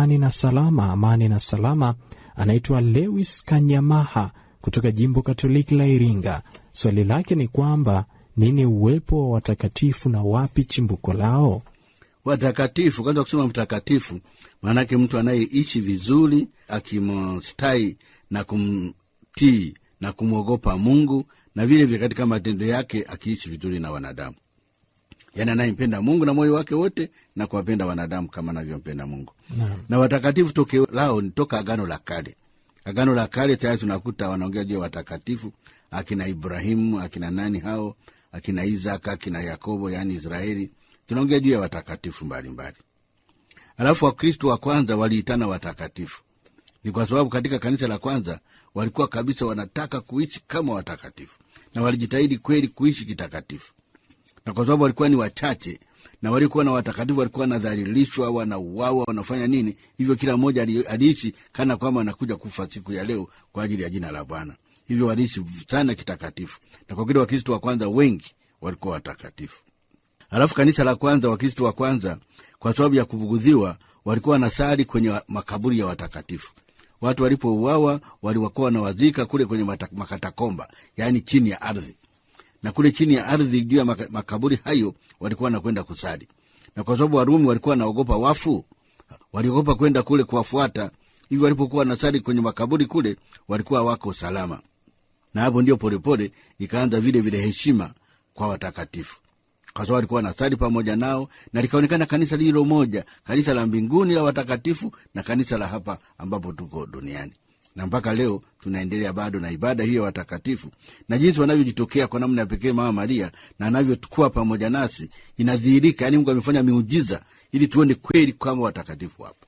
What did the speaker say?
Amani na salama, amani na salama. Anaitwa Lewis Kanyamaha kutoka jimbo Katoliki la Iringa. Swali lake ni kwamba nini uwepo wa watakatifu na wapi chimbuko lao? Watakatifu, kwanza kusema mtakatifu, maanake mtu anayeishi vizuri akimstai na kumtii na kumwogopa Mungu, na vilevile katika matendo yake akiishi vizuri na wanadamu yani anayempenda Mungu na moyo wake wote na kuwapenda wanadamu kama anavyompenda Mungu na, na watakatifu tokeo lao ni toka Agano la Kale. Agano la Kale tayari tunakuta wanaongea juu ya watakatifu, akina Ibrahimu, akina nani hao, akina Isaka, akina Yakobo, yaani Israeli, tunaongea juu ya watakatifu mbalimbali. Alafu wakristu wa kwanza waliitana watakatifu ni kwa sababu katika kanisa la kwanza walikuwa kabisa wanataka kuishi kama watakatifu na walijitahidi kweli kuishi kitakatifu na kwa sababu walikuwa ni wachache na walikuwa na watakatifu walikuwa wanadhalilishwa, wanauawa, wanafanya nini, hivyo kila mmoja aliishi kana kwamba anakuja kufa siku ya leo kwa ajili ya jina la Bwana. Hivyo waliishi sana kitakatifu, na kwa kile Wakristo wa kwanza wengi walikuwa watakatifu. Alafu kanisa la kwanza, Wakristo wa kwanza, kwa sababu ya kubugudhiwa, walikuwa wanasali kwenye makaburi ya watakatifu. Watu walipouawa, waliwakuwa wanawazika kule kwenye makatakomba, yaani chini ya ardhi na kule chini ya ardhi juu ya makaburi hayo walikuwa wanakwenda kusali, na kwa sababu Warumi walikuwa wanaogopa wafu, waliogopa kwenda kule kuwafuata. Hivyo walipokuwa wanasali kwenye makaburi kule, walikuwa wako salama, na hapo ndio polepole ikaanza vile vile heshima kwa watakatifu kwa sababu alikuwa anasali pamoja nao, na likaonekana kanisa lilo moja, kanisa la mbinguni la watakatifu na kanisa la hapa ambapo tuko duniani na mpaka leo tunaendelea bado na ibada hiyo watakatifu, na jinsi wanavyojitokea kwa namna ya pekee Mama Maria na anavyokuwa pamoja nasi inadhihirika, yaani Mungu amefanya miujiza ili tuone kweli kwamba watakatifu hapa